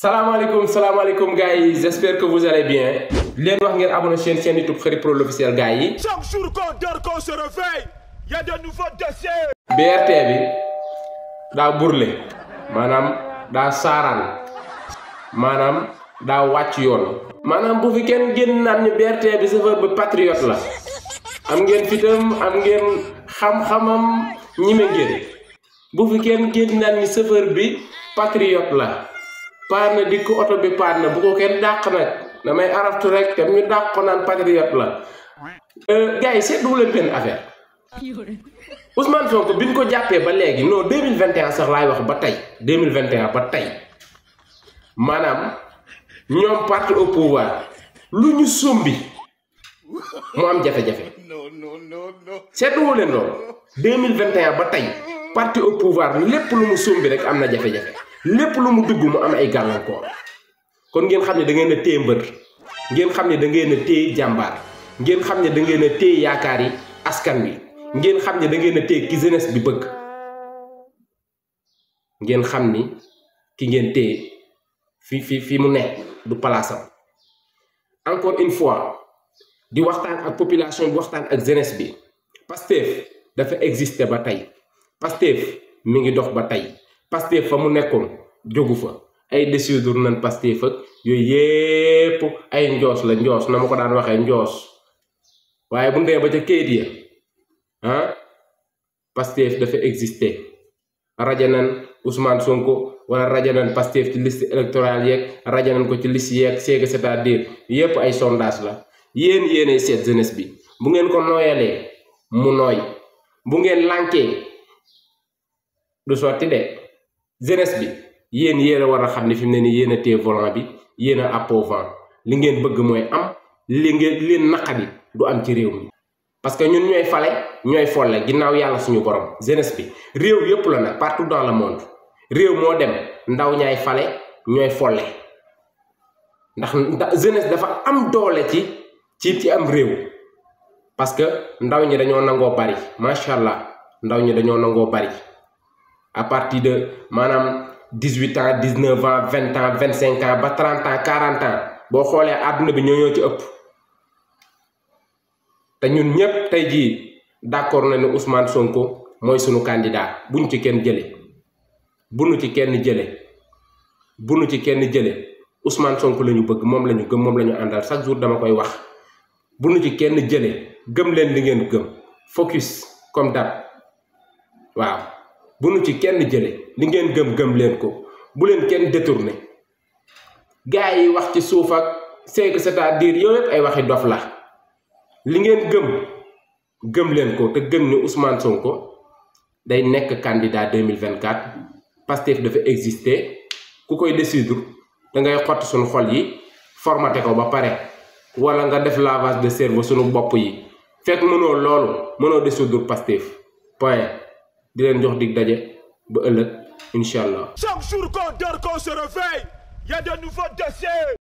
Salam aleykoum, salam aleykoum guys, j'espère que vous allez bien leen wax ngeen abonné chaîne chaîne YouTube Khady Pro l'officiel gars chaque jour qu'on dort qu'on se réveille y a de nouveaux dossiers. BRT bi daa burle maanaam daa saaraan maanaam daa wàcc yoon. maanaam bu fi kenn génn naan ñu BRT bi chauffeur ba patriote la am ngeen fitam am ngeen xam-xamam ñime ngeen bu fi kenn génn naan ñu chauffeur bi patriote la. paan na ko oto bi paan na bu ko kenn dàq nag damay araftu rek tam ñu dàq ko naan patriote la euh, gars yi seetlu leen benn affaire Ousmane bi ñu ko jàppee ba léegi vingt 2021 sax laay wax ba tey 2021 ba tey maanaam ñoom parti au pouvoir lu ñu sumbi mu am jafe-jafe seetlu mille vingt 2021 ba tey parti au pouvoir lépp lu mu sumbi rek am na jafe-jafe lépp lu mu dugg mu am ay gàllankoor kon ngeen xam ne da ngeen a téye ngeen xam ne da ngeen a téye jàmbaar ngeen xam ne dangeen ngeen a téye yaakaar yi askan wi ngeen xam ne da a téye ki jeunesse bi bëgg ngeen xam ni ki ngeen téye fi fi fi mu ne du palaasam encore une fois di waxtaan ak population bi waxtaan ak jeunesse bi Pastef dafa existe ba tey Pastef mu ngi dox ba tey Pastef fa mu nekkoon jógu fa ay décideur nan Pastef ak yoy yépp ay ndios la ndios na ko daan waxe ndios waye bu ndé ba ca ya ah, dafa exister raja nan Ousmane Sonko wala raja nan Pastef ci liste électorale yeeg raja nan ko ci liste yeeg seega c'est-à-dire yépp ay sondage la yeen yene set jeunesse bi bu ngeen ko noyalé mu noy bu ngeen lanké du de jeunesse bi yeen yéen a war a xam ne fi mu ne nii yéen a téye volant bi yéen a àppoo vent li ngeen bëgg mooy am li ngeen li leen naqari du am ci réew mi. parce que ñun ñooy fale ñooy folle ginnaaw yàlla suñu borom jeunesse bi réew yépp la nag partout dans le monde réew moo dem ndaw ñaay fale ñooy folle ndax jeunesse dafa am doole ci ci ci am réew parce que ndaw ñi dañoo nangoo bari macha allah ndaw ñi dañoo nangoo bari à partir de manam 18 ans 19 ans 20 ans 25 ans ba 30 ans 40 ans bo xolé aduna bi ñoo ci ëpp té ñun ñëpp tay ji d'accord na Ousmane Sonko moy suñu candidat buñ ci kenn jëlé buñu ci kenn jëlé buñu ci kenn jëlé Ousmane Sonko lañu bëgg mom lañu gëm mom lañu andal chaque jour dama koy wax buñu ci kenn jëlé gëm leen li ngeen gëm focus comme d'hab waaw wow. bu nu ci kenn jële li ngeen gëm-gëm leen ko bu leen kenn détourné gars yi wax ci suuf ak c'est que cest yooyu ay waxi dof la li ngeen gëm gëm leen ko te gëm ni Ousmane Sonko day nekk candidat 2024 Pastef dafa exister ku koy décider da ngay xott suñu xol yi formaté ko ba pare wala nga def lavage de cerveau sunu bopp yi fekk mënoo loolu mënoo décider Pastef point di len jox dig dajé ba ëllëg inshallah chaque jour qu'on dort qu'on se réveille il y a de nouveaux décès